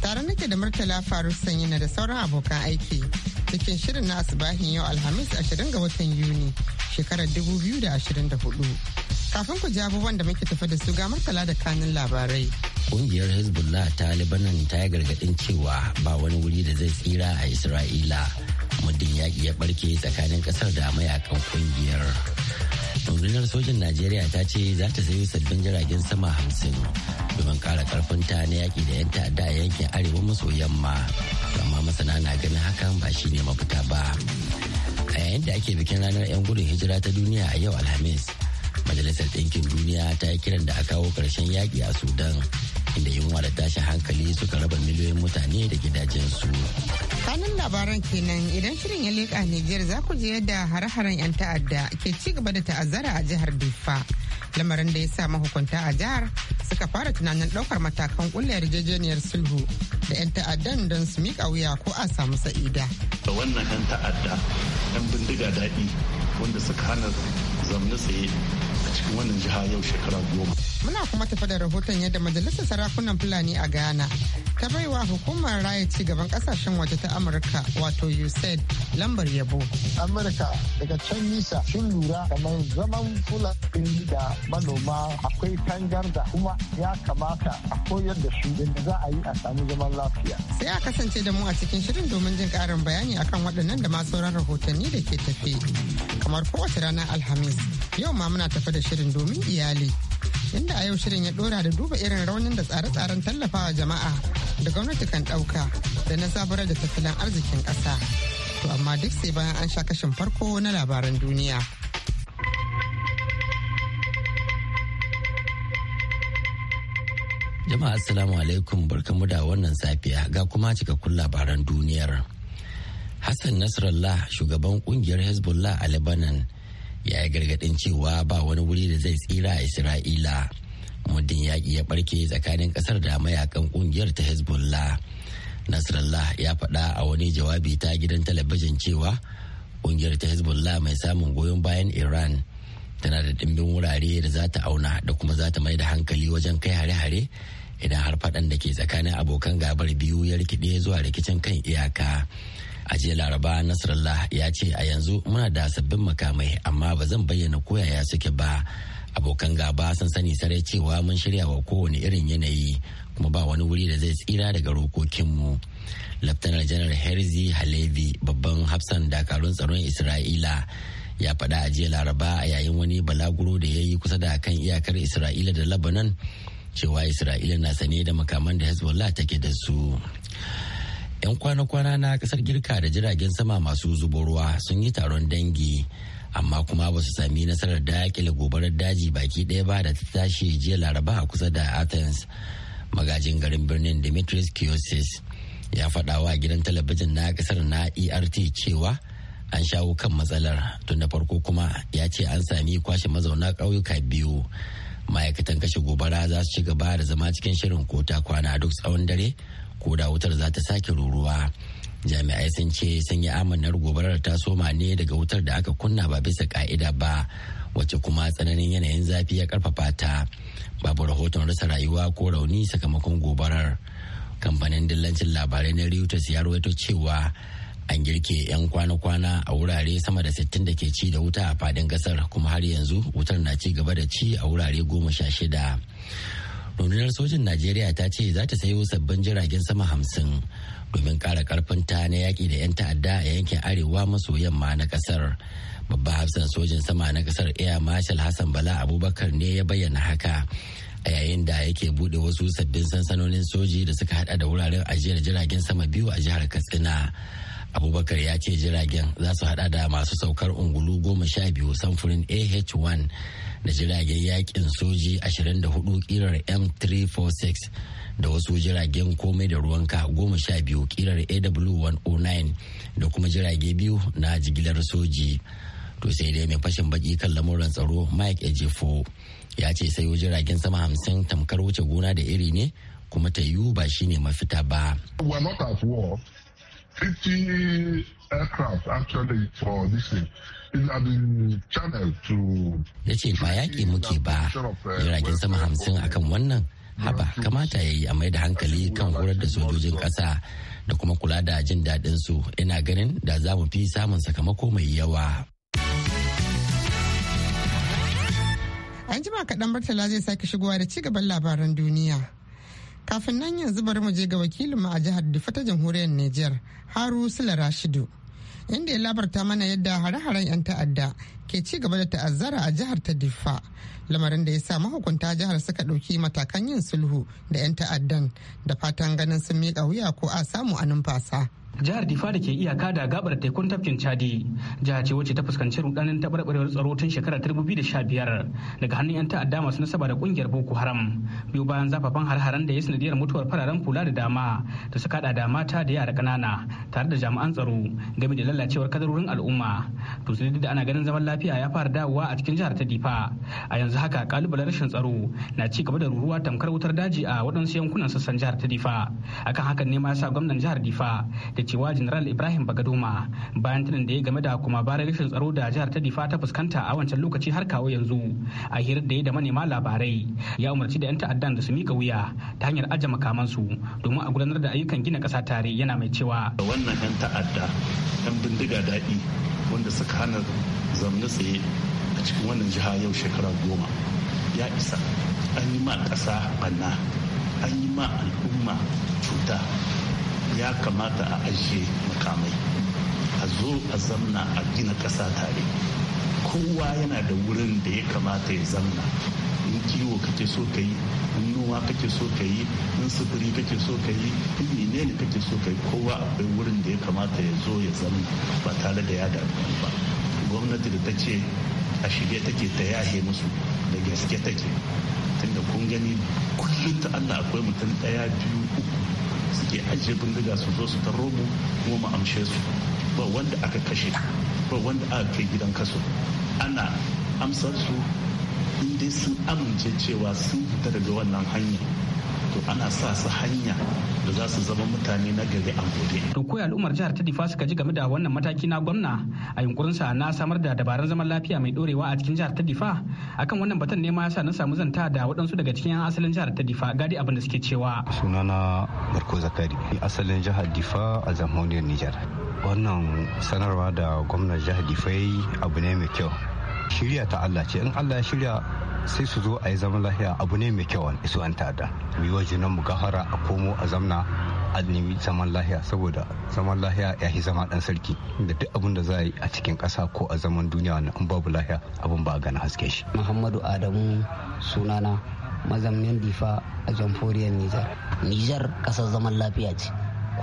Tare nake da Murtala Faruk Sanyi na da sauran abokan aiki. Cikin shirin na asibahin yau Alhamis 20 ga watan Yuni shekarar 2024. Kafin ku ji abubuwan da muke tafi da su ga Murtala da kanin labarai. Kungiyar Hezbollah ta Libanan ta yi gargadin cewa ba wani wuri da zai tsira a Isra'ila. Muddin yaƙi ya barke tsakanin ƙasar da mayakan kungiyar. rundunar sojin najeriya ta ce za ta sayo sabbin jiragen sama hamsin domin kara karfinta na yaki da 'yan ta'adda a yankin arewa maso yamma amma masana na ganin hakan ba shi ne mafita ba a yayin da ake bikin ranar 'yan gudun hijira ta duniya a yau alhamis majalisar ɗinkin duniya ta yi kiran da a kawo ƙarshen yaƙi a sudan inda yunwa da tashi hankali suka raba miliyoyin mutane da gidajensu. kanun labaran kenan idan shirin ya leƙa Nijar za ku je yadda hare-haren 'yan ta'adda ke ci gaba da ta'azzara a jihar Diffa. Lamarin da ya sa mahukunta a jihar suka fara tunanin ɗaukar matakan ƙulla yarjejeniyar sulhu da 'yan ta'addan don su miƙa wuya ko a samu sa'ida. Da wannan 'yan ta'adda 'yan bindiga daɗi wanda suka hana zamne tsaye a cikin wannan jiha yau shekara goma. Muna kuma tafa da rahoton yadda Majalisar Sarakunan Fulani a Ghana ta baiwa hukumar raya ci gaban kasashen waje ta Amurka wato USAID lambar yabo. Amurka daga can nisa sun lura kamar zaman Fulani da manoma akwai tangarda kuma ya kamata a koyar da su inda za a yi a samu zaman lafiya. Sai a kasance da mu a cikin shirin domin jin karin bayani akan waɗannan da ma sauran rahotanni da ke tafe. Kamar kowace ranar Alhamis, yau ma muna tafe da shirin domin iyali. inda a yau shirin ya dora da duba irin raunin da tsare-tsaren tallafawa jama'a da gwamnati kan ɗauka da na zaburar da tattalin arzikin ƙasa. To amma duk sai bayan an sha kashin farko na labaran duniya. Jama'a Assalamu alaikum barkamu da wannan safiya ga kuma cikakkun labaran duniyar. Hassan Nasrallah shugaban kungiyar Hezbollah a Lebanon ya yi gargaɗin cewa ba wani wuri da zai tsira a isra'ila muddin yaƙi ya ɓarke tsakanin ƙasar da mayakan ƙungiyar ta hezbollah nasrallah ya faɗa a wani jawabi ta gidan talabijin cewa ƙungiyar ta hezbollah mai samun goyon bayan iran tana da ɗimbin wurare da za ta auna da kuma za ta mai da hankali wajen kai hare-hare idan har faɗan da ke tsakanin abokan gabar biyu ya rikide zuwa rikicin kan iyaka a jiya laraba nasrallah ya ce a yanzu muna da sabbin makamai amma ba zan bayyana koyaya suke ba abokan gaba sun sani sarai cewa mun shirya wa kowane irin yanayi kuma ba wani wuri da zai tsira daga rokokinmu laftanar janar herzi halevi babban hafsan dakarun tsaron isra'ila ya faɗa a jiya laraba a yayin wani balaguro da ya yi kusa da kan iyakar isra'ila da labanan cewa isra'ila na sane da makaman da hezbollah take da su 'yan kwana-kwana na kasar girka da jiragen sama masu zubo ruwa sun yi taron dangi amma kuma ba su sami nasarar dakile gobarar daji baki ɗaya ba da ta tashi jiya laraba a kusa da athens magajin garin birnin dimitris kiosis ya faɗa wa gidan talabijin na kasar na ert cewa an shawo kan matsalar tun da farko kuma ya ce an sami kwashe mazauna ƙauyuka biyu ma'aikatan kashe gobara za su ci gaba da zama cikin shirin kota kwana duk tsawon dare koda wutar za ta sake ruruwa jami'ai sun ce sun yi amanar gobarar ta soma ne daga wutar da aka kunna ba bisa ka'ida ba wacce kuma tsananin yanayin zafi ya karfafa ta babu rahoton rasa rayuwa ko rauni sakamakon gobarar kamfanin dillancin labarai na reuters ya rawaito cewa an girke 'yan kwana-kwana a wurare sama da sittin da ke ci da wuta a fadin kasar kuma har yanzu wutar na ci gaba da ci a wurare goma sha shida rundunar sojin najeriya ta ce za ta sayo sabbin jiragen sama hamsin domin ƙara ƙarfinta na yaƙi da 'yan ta'adda a yankin arewa maso yamma na ƙasar babban hafsan sojin sama na ƙasar air marshal hassan bala abubakar ne ya bayyana haka a yayin da yake buɗe wasu sabbin sansanonin soji da suka hada da wuraren ajiyar jiragen sama biyu a jihar katsina abubakar ya ce jiragen za su hada da masu saukar ungulu goma sha biyu samfurin ah-1 da jiragen yakin soji 24 kirar m346 da wasu jiragen komai da ruwanka goma sha biyu kirar aw109 da kuma jirage biyu na jigilar soji to sai dai mai fashin baki kan lamuran tsaro mike ejefo ya ce sayo jiragen sama hamsin tamkar wuce gona da iri ne kuma ta yiwu ba shine mafita ba. 50 aircraft actually for this thing. Ya ce ba yaƙi muke ba uh, jiragen sama hamsin akan wannan haba kamata ya yi a mai da hankali kan horar da sojojin ƙasa da kuma kula da jin daɗin ina ganin da za mu fi samun sakamako mai yawa. An jima kaɗan Murtala zai sake shigowa da ci gaban labaran duniya. Kafin nan yanzu bari mu je ga wakilinmu a jihar Difa ta jamhuriyar Nijar, Haru Sula Rashidu, inda ya labarta mana yadda hare-haren 'yan ta'adda ke ci gaba da ta'azzara a jihar ta diffa lamarin da ya sa mahukunta jihar suka ɗauki matakan yin sulhu da 'yan ta'addan da fatan ganin sun miƙa wuya ko a samu a numfasa. jihar difa da ke iyaka da gabar tekun tafkin chadi jiha ce wacce ta fuskanci rudanin tabarbarewar tsaro tun shekarar 2015 daga hannun 'yan ta'adda masu nasaba da kungiyar boko haram biyu bayan zafafan har-haren da ya sanadiyar mutuwar fararen kula da dama da suka hada da mata da yara ƙanana tare da jami'an tsaro game da lalacewar kadarorin al'umma to da ana ganin zaman lafiya lafiya ya fara dawowa a cikin jihar ta difa a yanzu haka kalubalen rashin tsaro na ci gaba da ruruwa tamkar wutar daji a waɗansu yankunan sassan jihar ta difa akan hakan ne ma ya sa gwamnan jihar difa da cewa general ibrahim bagadoma bayan tunan da ya game da kuma bara rashin tsaro da jihar ta difa ta fuskanta a wancan lokaci har kawo yanzu a hirar da ya da manema labarai ya umarci da 'yan ta'adda da su mika wuya ta hanyar aje makamansu domin a gudanar da ayyukan gina ƙasa tare yana mai cewa wannan 'yan ta'adda 'yan bindiga daɗi wanda suka hana zamne tsaye a cikin wannan jiha yau shekara goma ya isa an yi ma ƙasa banna an yi ma al'umma cuta ya kamata a ajiye makamai a zo a zamna a gina ƙasa tare kowa yana da wurin da ya kamata ya zamna in kiwo kake so ka yi in noma kake so ka yi in sufuri kake so ka yi in menene kake so ka yi kowa akwai wurin da ya kamata ya zo ya zamna ba tare da ya damu ba gwamnati da ta ce a shirye take ta yahe musu da gaske take tunda kun gani kullum ta allah akwai mutum ɗaya biyu uku suke ajiye bindiga su zo su ta mu kuma mu amshe su ba wanda aka kashe ba wanda aka kai gidan kaso ana amsar su inda sun amince cewa sun fita daga wannan hanya ana sa su hanya da za su zama mutane na gari a gobe. To koyi al'ummar jihar ta Difa suka ji game da wannan mataki na gwamna a sa na samar da dabarun zaman lafiya mai dorewa a cikin jihar ta Difa akan wannan batun ne ma yasa na samu zanta da waɗansu daga cikin 'yan asalin jihar ta Difa gadi abin da suke cewa. Sunana Barko Zakari asalin jihar Difa a jamhuriyar Nijar. Wannan sanarwa da gwamnan jihar Difa abu ne mai kyau. Shirya ta Allah ce in Allah ya shirya sai su zo a yi zaman lafiya abu ne mai kyau su an tada mu yi waje nan mu gafara a komo a zamna a nemi zaman lahiya saboda zaman lahiya ya yi zama dan sarki da duk abin da za a yi a cikin ƙasa ko a zaman duniya wannan in babu lahiya abin ba a gana haske shi muhammadu adamu sunana mazamnin difa a jamhuriyar nijar nijar ƙasar zaman lafiya ce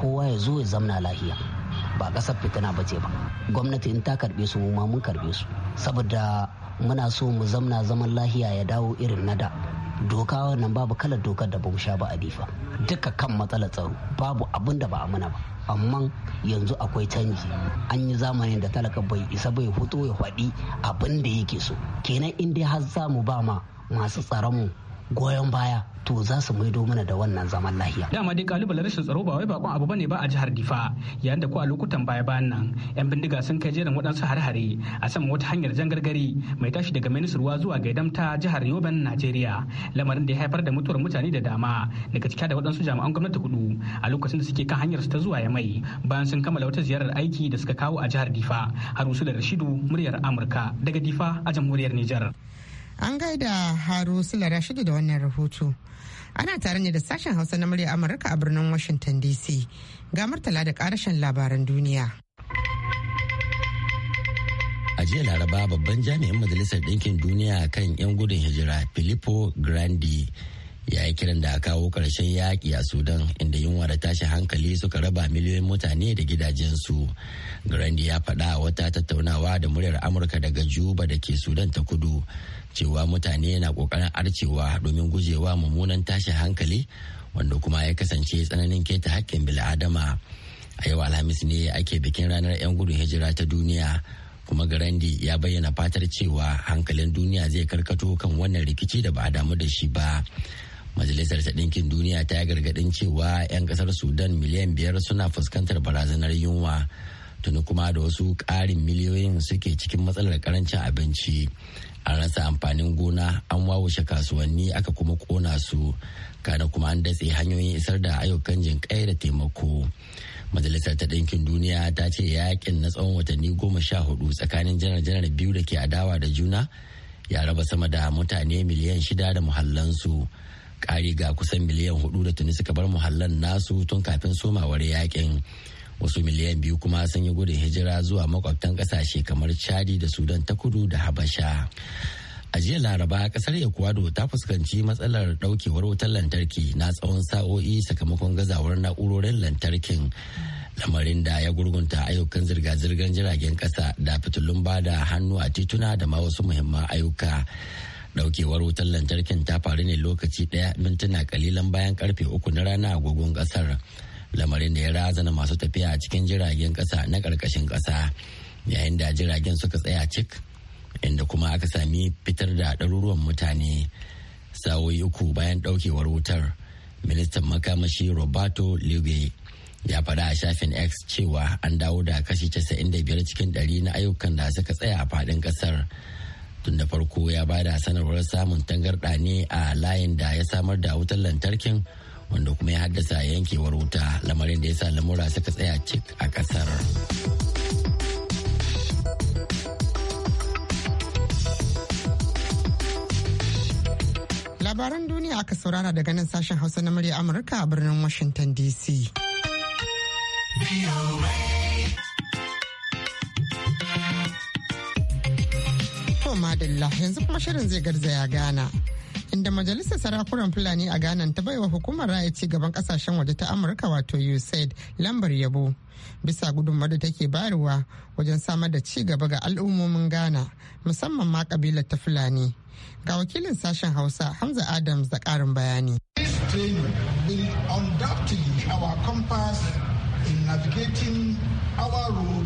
kowa ya zo ya zamna lahiya ba ƙasar fitina ba ce ba gwamnati in ta karɓe su mu ma mun karɓe su saboda muna so mu zamna zaman lahiya ya dawo irin na da doka wannan babu kalar dokar da bamu sha ba a difa duka kan matsalar tsaro babu abin da ba a muna ba amma yanzu akwai canji an yi zamanin da talaka bai isa bai fito ya faɗi abin da yake so kenan inda dai har za mu ba ma masu mu. goyon baya to za su maido mana da wannan zaman lahiya. Dama dai kalubalen rashin tsaro ba wai bakon abu bane ba a jihar Difa yayin da ko a lokutan baya bayan nan yan bindiga sun kai jerin waɗansu hare-hare a saman wata hanyar jangargari mai tashi daga Minisruwa zuwa Gaidamta jihar Yoben Najeriya lamarin da ya haifar da mutuwar mutane da dama daga cika da waɗansu jami'an gwamnati hudu a lokacin da suke kan hanyar su ta zuwa Yamai bayan sun kammala wata ziyarar aiki da suka kawo a jihar Difa Harusu da Rashidu muryar Amurka daga Difa a jamhuriyar Nijar. An gaida Haru Sula Rashidu da wannan rahoto. Ana tare ne da sashen Hausa na murya Amurka a birnin Washington DC. Ga martala da karashen labaran duniya. A jiya Laraba babban jami'in Majalisar Ɗinkin Duniya kan 'yan gudun hijira Filippo Grandi ya yi kiran da a kawo ƙarshen yaƙi a sudan inda yunwa da tashi hankali suka raba miliyoyin mutane da gidajensu grandi ya faɗa a wata tattaunawa da muryar amurka daga juba da ke sudan ta kudu cewa mutane na ƙoƙarin arcewa domin gujewa mummunan tashi hankali wanda kuma ya kasance tsananin keta hakkin bil'adama a yau alhamis ne ake bikin ranar 'yan gudun hijira ta duniya kuma garandi ya bayyana fatar cewa hankalin duniya zai karkato kan wannan rikici da ba a damu da shi ba majalisar ta ɗinkin duniya ta yi gargaɗin cewa 'yan ƙasar sudan miliyan biyar suna fuskantar barazanar yunwa tuni kuma da wasu ƙarin miliyoyin suke cikin matsalar karancin abinci an rasa amfanin gona an wawushe kasuwanni aka kuma kona su kana kuma an datse hanyoyin isar da ayyukan kai da taimako majalisar ta dinkin duniya ta ce yakin na tsawon watanni goma sha hudu tsakanin janar-janar biyu da ke adawa da juna ya raba sama da mutane miliyan shida da muhallansu kari ga kusan miliyan hudu da tuni suka bar muhallan nasu tun kafin somawar yakin wasu miliyan biyu kuma sun yi gudun hijira zuwa makwabtan kasashe kamar chadi da sudan ta kudu da habasha a jiya laraba kasar ecuador ta fuskanci matsalar daukewar wutar lantarki na tsawon sa'o'i sakamakon gazawar na'urorin lantarkin lamarin da ya gurgunta ayyukan zirga-zirgar jiragen kasa da fitulun bada hannu a tituna da ma wasu muhimman ayyuka daukewar wutar lantarkin ta faru ne lokaci daya mintuna kalilan bayan karfe uku na rana agogon kasar lamarin da ya razana masu tafiya a cikin jiragen kasa na karkashin kasa yayin da jiragen suka tsaya cik inda kuma aka sami fitar da ɗaruruwan mutane sa'o'i uku bayan daukewar wutar ministan makamashi roberto ligue ya faɗa a shafin x cewa an dawo da kashi 95 cikin 100 na ayyukan da suka tsaya a faɗin ƙasar. kasar tun da farko ya ba da sanarwar samun tangarɗa ne a layin da ya samar da wutar lantarkin wanda kuma ya haddasa yankewar wuta lamarin da ya sa lamura suka tsaya cik a ƙasar. labaran duniya aka saurara daga nan sashen hausa na murya amurka a birnin washington dc. To madalla yanzu kuma shirin zai garzaya Ghana. Inda majalisar sarakunan Fulani a Ghana ta baiwa hukumar raya ci gaban kasashen waje ta Amurka wato USAID lambar yabo bisa gudunmawar da take bayarwa wajen samar da ci gaba ga al'ummomin Ghana musamman ma kabilar ta Fulani. Ga wakilin sashen Hausa Hamza Adams da karin bayani. our compass in navigating our road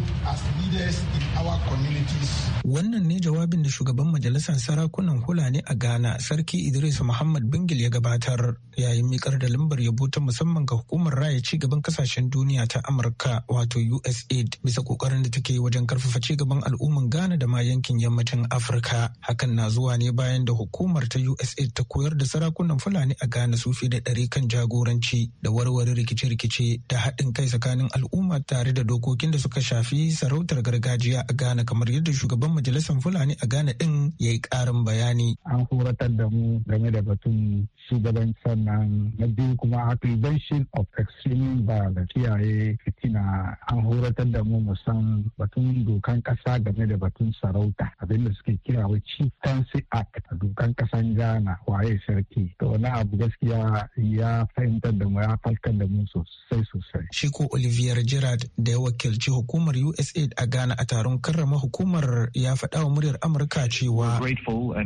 leaders in our communities. Wannan ne jawabin da shugaban majalisar sarakunan hulani a Ghana, Sarki Idris Muhammad Bingil ya gabatar yayin mikar da lambar yabo ta musamman ga hukumar raya ci gaban kasashen duniya ta Amurka wato USAID bisa kokarin da take wajen karfafa ci gaban al'umman Ghana da ma yankin yammacin Afirka. Hakan na zuwa ne bayan da hukumar ta USAID ta koyar da sarakunan Fulani a Ghana su fi da ɗari kan jagoranci da warware rikice-rikice da haɗin kai tsakanin al'umma tare da dokokin da suka shafi sarautar sarautar gargajiya a Ghana kamar yadda shugaban majalisar Fulani a Ghana din ya yi ƙarin bayani. An horatar da mu game da batun shugaban sannan na biyu kuma a prevention of extreme violence kiyaye fitina an horatar da mu musan batun dokan ƙasa game da batun sarauta abinda suke kira wa chieftaincy act a dokan ƙasan Ghana waye sarki. To wani abu gaskiya ya fahimtar da mu ya falkar da mu sosai sosai. Shi ko Olivier Gerard da ya wakilci hukumar USAID a Ghana a taron karrama hukumar ya faɗa wa muryar Amurka cewa uh,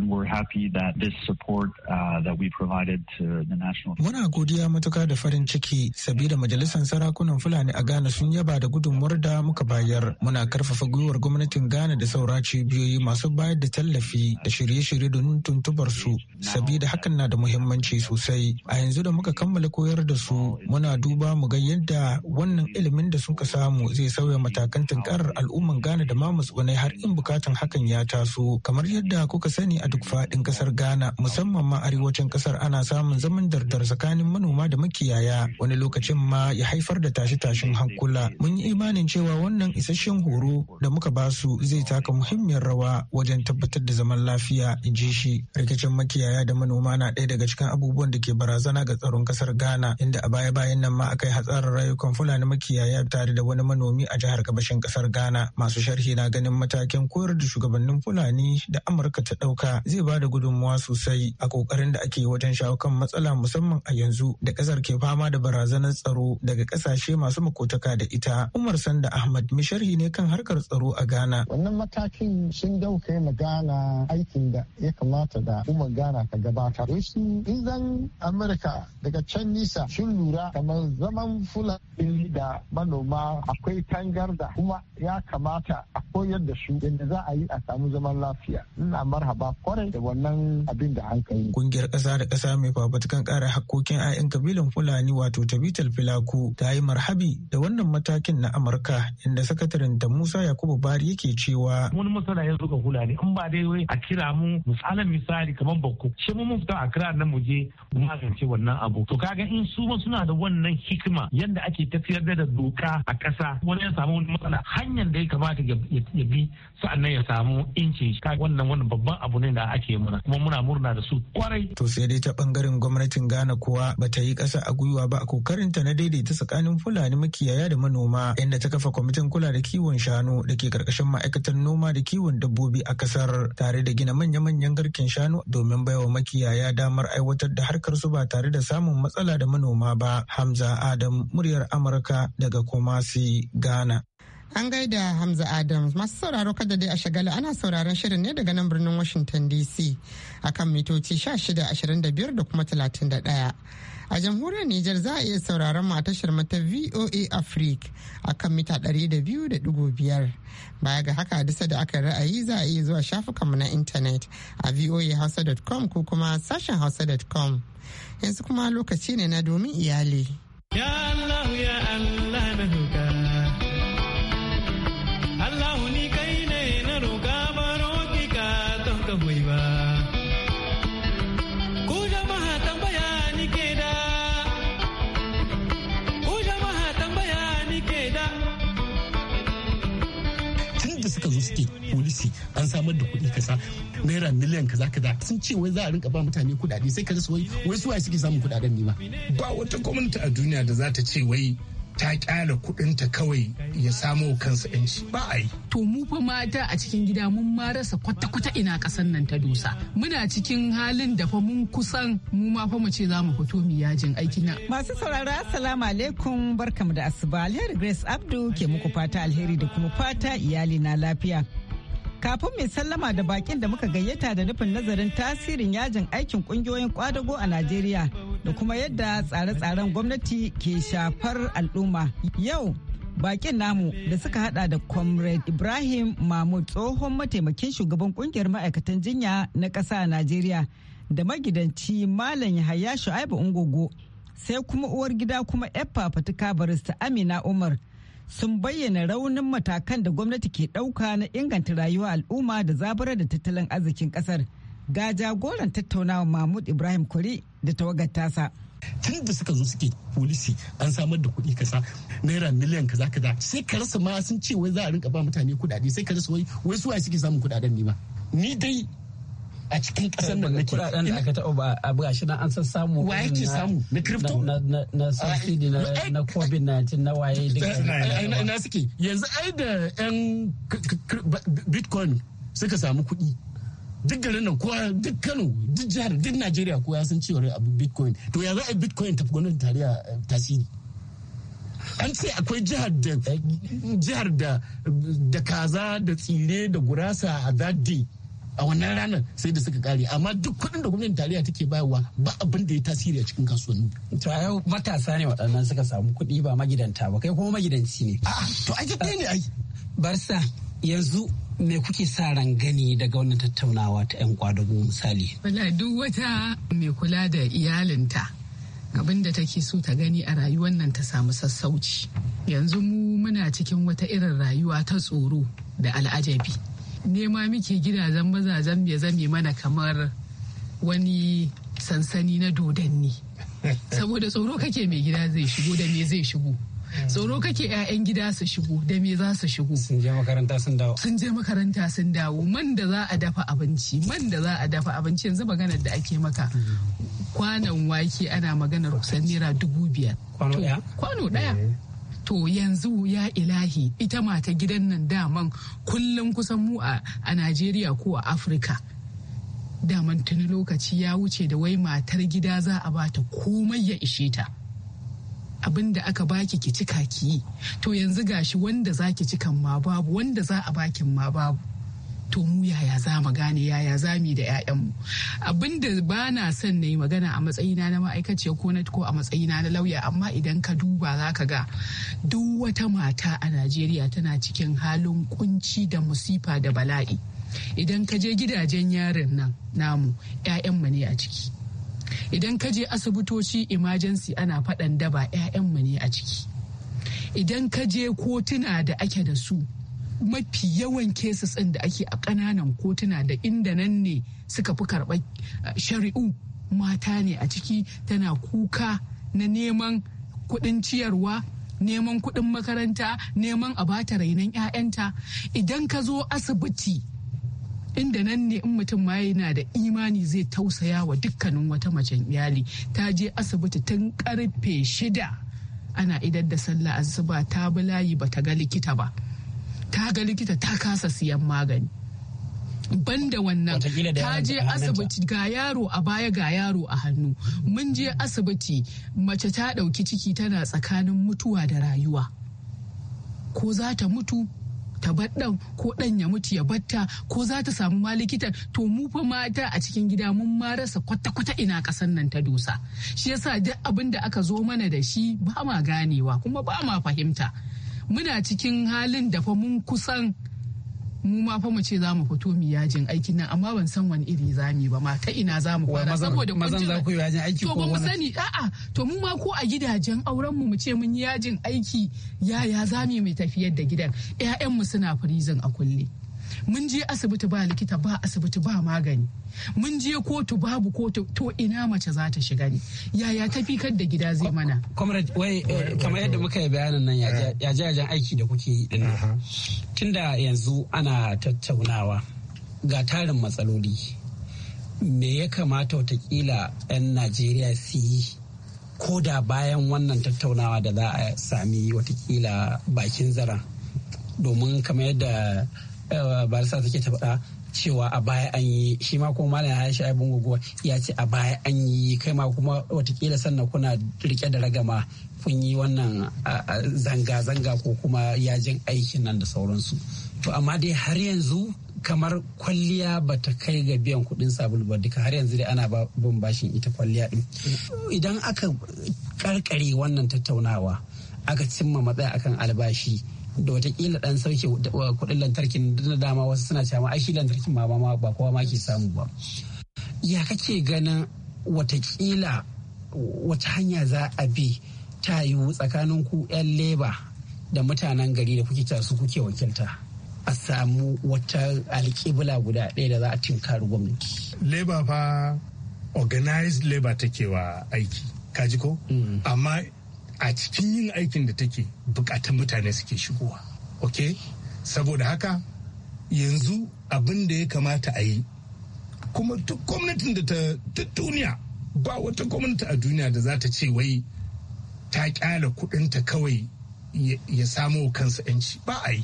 Muna godiya matuka da farin ciki sabida majalisar sarakunan Fulani a Ghana sun yaba da gudunmuwar da muka bayar. Muna karfafa gwiwar gwamnatin Ghana da saura cibiyoyi masu bayar da tallafi da shirye-shirye domin tuntubar su sabida hakan na da muhimmanci sosai. A yanzu da muka kammala koyar da su muna duba mu ga yadda wannan ilimin da suka samu zai sauya matakan tunkarar al'umma. al'umman Ghana da ma musgunai har in bukatan hakan ya taso kamar yadda kuka sani a duk faɗin ƙasar Ghana musamman ma arewacin ƙasar ana samun zaman dardar tsakanin manoma da makiyaya wani lokacin ma ya haifar da tashe-tashen hankula mun yi imanin cewa wannan isasshen horo da muka basu zai taka muhimmiyar rawa wajen tabbatar da zaman lafiya in ji shi rikicin makiyaya da manoma na ɗaya daga cikin abubuwan da ke barazana ga tsaron ƙasar Ghana inda a baya-bayan nan ma aka hatsarin rayukan Fulani makiyaya tare da wani manomi a jihar gabashin ƙasar Ghana Masu sharhi na ganin matakin koyar da shugabannin Fulani da Amurka ta ɗauka zai ba da gudunmuwa sosai a kokarin da ake wajen shawo kan matsala musamman a yanzu da ƙasar ke fama da barazanar tsaro daga ƙasashe masu makotaka da ita. Umar Sanda Ahmad sharhi ne kan harkar tsaro a Ghana. Wannan matakin sun dauka ma Ghana aikin da ya kamata da kuma Ghana ta gabata. Wasu izan Amurka daga can nisa sun lura kamar zaman Fulani da manoma akwai tangarda kuma ya kamata a koyar da su yadda za a yi a samu zaman lafiya ina marhaba kwarai da wannan abin da an kai kungiyar ƙasa da ƙasa mai fafutukan ƙara hakkokin 'ya'yan kabilan fulani wato tabital filaku ta yi marhabi da wannan matakin na amurka inda sakataren ta musa yakubu bari yake cewa wani matsala ya zo zuga fulani in ba dai wai a kira mu musala misali kamar bakko shi mu mun fita a kira nan mu je mu magance wannan abu to kaga in su ma suna da wannan hikima yadda ake tafiyar da doka a ƙasa wani ya samu wani matsala hanyar da ya kamata ya bi sa'annan ya samu inci wannan wannan babban abu ne da ake muna kuma muna murna da su kwarai. To sai dai ta bangaren gwamnatin Ghana kuwa bata yi kasa a gwiwa ba a kokarin ta na daidaita tsakanin Fulani makiyaya da manoma inda ta kafa kwamitin kula da kiwon shanu da ke karkashin ma'aikatan noma da kiwon dabbobi a kasar tare da gina manya-manyan garkin shanu domin wa makiyaya damar aiwatar da harkar su ba tare da samun matsala da manoma ba. Hamza Adam muryar Amurka daga Kumasi, Ghana. An gaida Hamza Adams masu sauraro kada dai a shagala ana sauraron shirin ne daga nan birnin Washington DC akan mitoci 1625 da kuma 31. A jamhuriyar Nijar za a iya sauraron tashar mata VOA Africa akan mita 200.5. Baya ga haka disa da aka ra'ayi za a iya zuwa shafukanmu na intanet a voahausa.com ko kuma sashen hausa.com. Yanzu kuma lokaci ne na domin iyali. Ya Allah ya Allah na state policy an samar da kuɗi kasa naira miliyan kaza kaza sun ce wai za a rinka ba mutane kuɗaɗe sai ka rasa wai su waye suke samun kuɗaɗen ne ba ba wata gwamnati a duniya da za ta ce wai ta kyala kudinta kawai ya samo kansa yanci ba a yi. To mu fa mata a cikin gida mun ma rasa kwata-kwata ina kasan nan ta dosa. Muna cikin halin da fa mun kusan mu ma fa mu ce za mu fito mu yajin aiki na. Masu saurara assalamu alaikum barkamu da asuba alheri Grace Abdu ke muku fata alheri da kuma fata iyali na lafiya. Kafin mai sallama da bakin da muka gayyata da nufin nazarin tasirin yajin aikin kungiyoyin kwadago a Najeriya da kuma yadda tsare-tsaren gwamnati ke shafar al'umma. Yau bakin namu da suka hada da comrade ibrahim mahmud tsohon mataimakin shugaban kungiyar ma'aikatan jinya na ƙasa a najeriya da magidanci malam yahaya shu'aibu ungogo sai kuma uwar gida kuma yar Fatika barista amina umar sun bayyana raunin matakan da gwamnati ke ɗauka na inganta rayuwa al'umma da zaburar da tattalin arzikin ƙasar ga jagoran tattaunawa mahmud ibrahim kuri da tawagar tasa tun da suka zo suke polisi an samar da kuɗi kasa naira miliyan kaza kaza sai ka rasa ma sun ce wai za a rinka ba mutane kuɗaɗe sai ka rasa wai wai suwaye suke samun kuɗaɗen ne ba ni dai a cikin kasar nan nake kuɗaɗen da aka taɓa ba a ba shi nan an san samu wa yake samu na crypto na na subsidy na na covid 19 na waye duka na suke yanzu ai da yan bitcoin suka samu kuɗi duk garin nan kowa duk Kano duk jihar duk Najeriya kowa sun ce wani abu bitcoin to ya za a bitcoin tafi gwamnatin tarayya eh, tasiri an ce akwai jihar da jihar da da kaza da tsire da gurasa a that day a wannan ranar sai da suka kare amma duk kuɗin da gwamnatin tarayya take bayarwa ba abin da ya tasiri a cikin kasuwanni. to a yau matasa ne waɗannan suka samu kuɗi ba magidanta ba kai kuma magidanci ne. a'a to ai kai ne ai. barsa yanzu me kuke sa ran gani daga wannan tattaunawa ta 'yan kwadago misali. wala duk wata mai kula da iyalinta abin da take so ta gani a rayuwar nan ta samu sassauci yanzu mu muna cikin wata irin rayuwa ta tsoro da al'ajabi. nema muke gidajen mazajen ya zame mana kamar wani sansani na dodanni saboda tsoro kake mai gida zai shigo da me zai shigo tsoro kake 'ya'yan gida su shigo da me za su shigo sun je makaranta sun dawo sun je makaranta sun dawo man da za a dafa abinci man da za a dafa abinci yanzu maganar da ake maka kwanan wake ana maganar kusan naira dubu biyar kwano daya to yanzu ya ilahi ita mata gidan nan daman kullum kusan mu a najeriya ko a afirka daman tuni lokaci ya wuce da wai matar gida za a bata komai ya ishe ta abin da aka baki ki cika ki yi. to yanzu gashi wanda za ki cikan ma babu wanda za a bakin ma babu to mu yaya za mu gane yaya za mu da 'ya'yanmu abinda ba na son na yi magana a matsayina na ma'aikaciya ko na ko a matsayina na lauya amma idan ka duba za ka ga duk wata mata a najeriya tana cikin halin kunci da musifa da bala'i idan ka je gidajen yarin nan namu 'ya'yanmu ne a ciki idan ka je asibitoci emergency ana faɗan daba 'ya'yanmu ne a ciki idan ka je kotuna da ake da su mafi yawan cases ɗin da ake a ƙananan kotuna da inda nan ne suka fi karɓar uh, shari'u mata ne a ciki tana kuka na neman kuɗin ciyarwa neman kuɗin makaranta neman a bata rainon 'ya'yanta idan ka zo asibiti inda nan ne in mutum ma yana da imani zai tausaya wa dukkanin wata macen iyali ta je asibiti tun karfe shida ana idar da sallah asuba ta bi layi bata ga likita ba ta ga likita ta kasa siyan magani banda wannan ta je asibiti ga yaro a baya ga yaro a hannu mun je asibiti mace ta ɗauki ciki tana tsakanin mutuwa da rayuwa ko za ta mutu ta ɗan ko ɗan ya mutu ya batta ko za ta samu ma likitan to mu fa mata a cikin gida mun ma rasa kwata-kwata ina ƙasar nan ta dusa shi yasa duk abin da aka zo mana da shi ba ma ganewa kuma ba ma fahimta muna cikin halin da fa mun kusan mu ma fa mu ce za mu fito mu yajin aiki nan amma ban san wani iri za mu yi ba ma ta ina za mu fara saboda mazan za ku yajin aiki to ba mu sani a'a to mu ma ko a gidajen auren mu mu ce mun yajin aiki yaya za mu mai tafiyar da gidan ƴaƴan mu suna firizin a kulle mun je asibiti ba likita ba asibiti ba magani mun je kotu babu kotu to ina mace za ta shiga ne yaya ta kar da gida zai mana comrade eh, wai kamar yadda muka yi bayanin nan ya jajen aiki da kuke yi din tunda yanzu ana tattaunawa ga tarin matsaloli me ya kamata watakila 'yan najeriya su yi ko da bayan wannan tattaunawa da za a sami watakila bakin zara domin kamar yadda Eh, barisa take ta faɗa cewa a baya an yi shi ma kuma malam ya shi guguwa ya ce a baya an yi kai ma kuma watakila sannan kuna rike da ragama kun yi wannan zanga-zanga ko kuma yajin aikin nan da sauransu to amma dai har yanzu kamar kwalliya ba ta kai ga biyan kudin sabulu ba duka har yanzu dai ana bin bashin ita kwalliya din idan aka karkare wannan tattaunawa aka cimma matsaya akan albashi da watakila dan sauke kuɗin lantarkin da dama wasu suna cewa ma shi lantarkin ma ba ba kowa ma ke samu ba ya kake ganin watakila wata hanya za a bi ta yiwu tsakanin ku 'yan leba da mutanen gari da kuke tasu kuke wakilta a samu wata alƙibla guda ɗaya da za a tinkari gwamnati. Leba fa organized labor take wa aiki, kaji ko? Mm. Amma a cikin yin aikin da take bukatan mutane suke shigowa ok saboda haka yanzu abin da ya kamata a yi kuma duk gwamnatin da ta duniya ba wata gwamnati a duniya da za ta ce wai ta kyala kudinta kawai ya samo kansa yanci ba a yi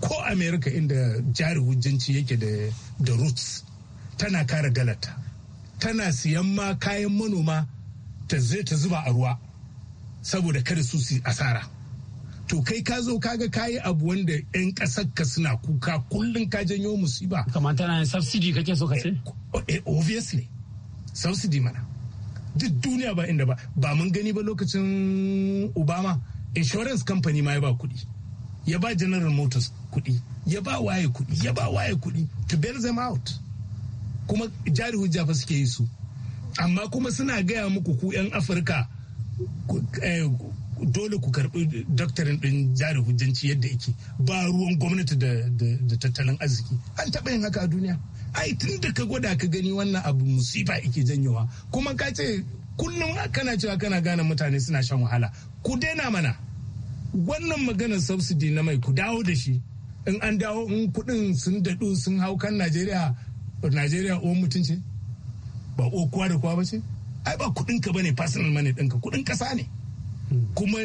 ko Amerika inda jari hujjanci yake da roots tana kare galata. tana siyan ma kayan manoma ta zai ta zuba a ruwa saboda kada su su asara to kai ka zo kaga kayi abu wanda yan ƙasar ka suna kuka kullum ka janyo musiba kamar tana yin subsidy kake so ka ce eh, eh, obviously subsidy mana duk duniya ba inda ba ba mun gani ba lokacin obama insurance company ma ya ba kuɗi ya ba general motors kuɗi ya ba waye kuɗi ya ba waye kuɗi to bail them out kuma jari hujja fa suke yi su amma kuma suna gaya muku ku 'yan afirka Eh, dole ku karɓi doktorin ɗin jari hujjanci yadda yake ba ruwan gwamnati da tattalin arziki an taɓa yin haka a duniya ai tun da ka gwada ka gani wannan abu musifa yake janyowa kuma ka ce kullum kana cewa kana gane mutane suna shan wahala ku daina mana wannan maganar subsidy na mai ku dawo da shi in an dawo in kuɗin sun daɗu sun hau kan najeriya najeriya uwan mutunci ba kowa da kowa ba ce ai ba kuɗin ka bane personal money ɗinka kuɗin kasa ne kuma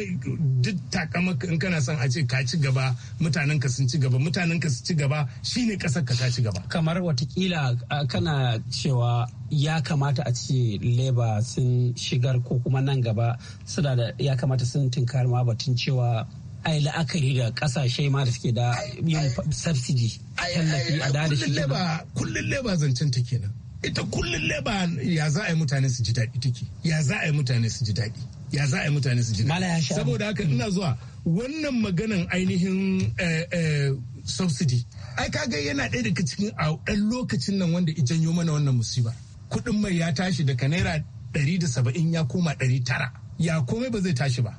duk takamaka in kana son a ce ka ci gaba mutanen ka sun ci gaba mutanen ka sun ci gaba shine kasar ka ta ci gaba kamar watakila kana cewa ya kamata a ce leba sun shigar ko kuma nan gaba suna da ya kamata sun tinkar ma batun cewa ai la'akari da kasashe ma da suke da yin subsidy tallafi a dadashi shi kullun leba zancen ta kenan ita kullum leba ya za a yi mutane su ji daɗi take ya za a yi mutane su ji daɗi ya za a yi mutane su ji daɗi saboda haka ina zuwa wannan maganan ainihin eh, eh, subsidy ai kaga yana ɗaya daga cikin a ɗan lokacin nan wanda i janyo mana wannan musiba kuɗin mai ya tashi daga naira ɗari da saba'in ya koma ɗari tara ya komai ba zai tashi ba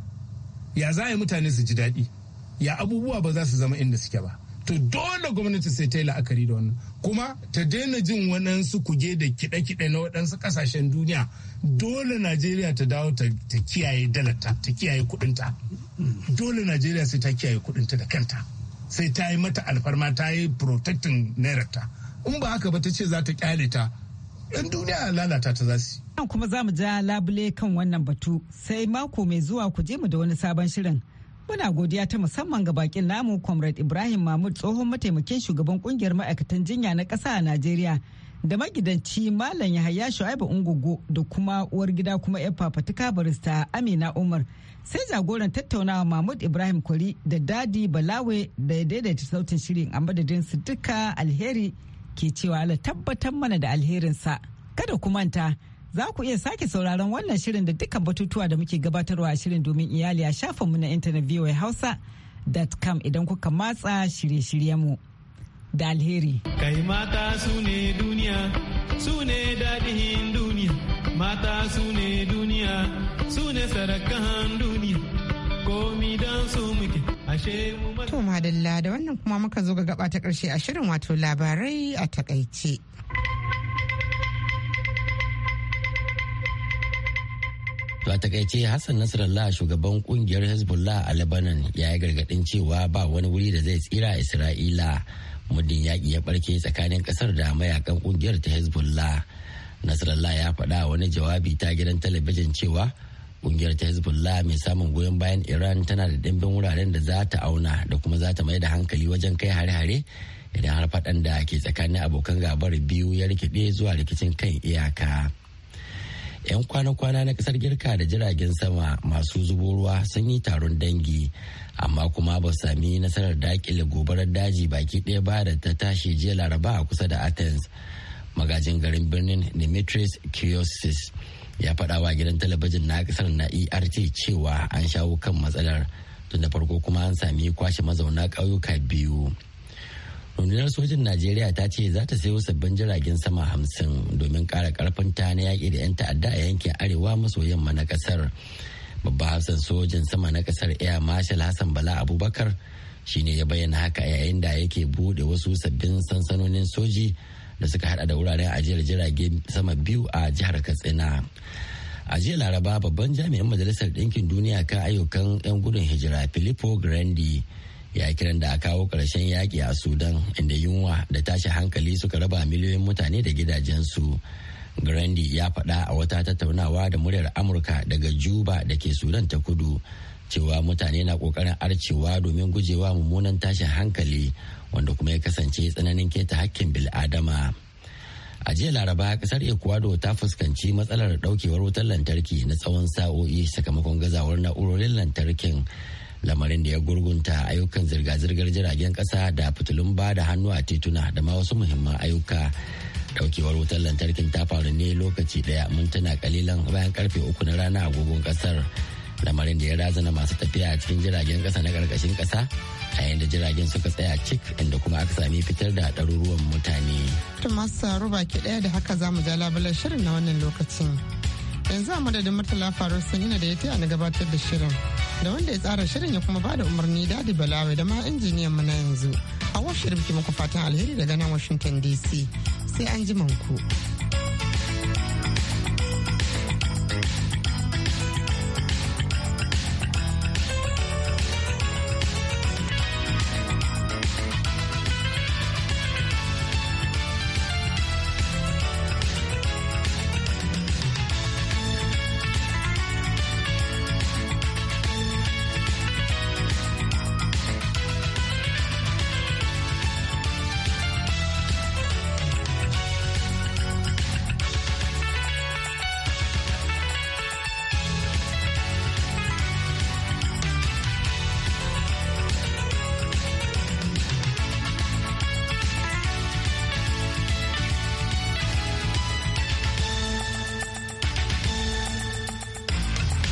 ya za a yi mutane su ji daɗi ya abubuwa ba za su zama inda suke ba to dole gwamnati sai ta yi la'akari da wannan kuma ta daina jin waɗansu kuge da kiɗe-kiɗe na waɗansu ƙasashen duniya dole najeriya ta dawo ta kiyaye dalata ta kiyaye kuɗinta dole najeriya sai ta kiyaye kuɗinta da kanta sai ta yi mata alfarma ta yi protecting nairata in ba haka ba ta ce za ta kyale ta yan duniya lalata ta za su kuma za mu ja labule kan wannan batu sai mako mai zuwa ku je mu da wani sabon shirin Muna godiya ta musamman ga bakin namu Comrade Ibrahim Mahmud tsohon mataimakin shugaban kungiyar ma'aikatan jinya na ƙasa a Najeriya da magidanci Malam Yahaya Shu'aibu Ungugu da kuma uwar gida kuma yar fafatuka barista Amina Umar. Sai jagoran tattaunawa Mahmud Ibrahim Kwari da Dadi Balawe da ya daidaita sautin shirin a madadin su duka alheri ke cewa Allah tabbatar mana da alherinsa. Kada ku manta Za ku iya sake sauraron wannan shirin da dukkan batutuwa da muke gabatarwa a shirin domin iyali a shafinmu na intanet voahausa.com idan kuka matsa shirye-shiryenmu da alheri. Kai mata su ne duniya, su ne daɗin duniya, mata su ne duniya, su ne sarakan duniya, komi don su muke. To madalla da wannan kuma muka zo ga gaba ta karshe a shirin wato labarai a takaice. To a takaice Hassan Nasrallah shugaban kungiyar Hezbollah a Lebanon ya yi gargadin cewa ba wani wuri da zai tsira Isra'ila muddin yaƙi ya barke tsakanin ƙasar da mayakan kungiyar ta Hezbollah. Nasrallah ya faɗa wani jawabi ta gidan talabijin cewa kungiyar ta Hezbollah mai samun goyon bayan Iran tana da ɗimbin wuraren da za ta auna da kuma za ta mai da hankali wajen kai hare-hare idan har faɗan da ke tsakanin abokan gabar biyu ya rikide zuwa rikicin kan iyaka. 'yan kwana-kwana na kasar girka da jiragen sama masu zubo ruwa sun yi taron dangi amma kuma ba sami nasarar dakile gobarar daji baki ɗaya ba da ta tashi jiya laraba a kusa da athens magajin garin birnin dimitris kiosis ya faɗa wa gidan talabijin na kasar na ert cewa an shawo kan matsalar tun da farko kuma an sami kwashe mazauna ƙauyuka biyu rundunar sojin najeriya ta ce za ta sayo sabbin jiragen sama hamsin domin kara karfin ta na yaƙi da 'yan ta'adda a yankin arewa maso yamma na kasar. babban hafsan sojin sama na kasar air marshal hassan bala abubakar shine ya bayyana haka yayin da yake buɗe wasu sabbin sansanonin soji da suka hada da wuraren ajiyar jirage sama biyu a jihar katsina a jiya laraba babban jami'in majalisar ɗinkin duniya kan ayyukan 'yan gudun hijira filippo grandi ya kiran da a kawo ƙarshen yaƙi a sudan inda yunwa da tashi hankali suka raba miliyoyin mutane da gidajensu grandi ya faɗa a wata tattaunawa da muryar amurka daga juba da ke sudan ta kudu cewa mutane na ƙoƙarin arcewa domin gujewa mummunan tashin hankali wanda kuma ya kasance tsananin keta hakkin bil'adama a jiya laraba kasar ecuador ta fuskanci matsalar daukewar wutar lantarki na tsawon sa'o'i sakamakon gazawar na'urorin lantarkin lamarin da ya gurgunta ayyukan zirga-zirgar jiragen kasa da fitilun ba da hannu a tituna da ma wasu muhimman ayyuka daukewar wutar lantarkin ta faru ne lokaci daya mintuna kalilan bayan karfe uku na rana agogon kasar lamarin da ya razana masu tafiya a cikin jiragen kasa na karkashin kasa a da jiragen suka tsaya cik inda kuma aka sami fitar da ɗaruruwan mutane. Tumasa ruba ki ɗaya da haka za mu ja labulan shirin na wannan lokacin. yanzu a madadin murtala faru sun ina da ya taya na gabatar da shirin da wanda ya tsara shirin ya kuma bada umarni dadi balawai da ma injiniyan mu na yanzu a washe muku fatan alheri daga nan washington dc sai an ji manku. ku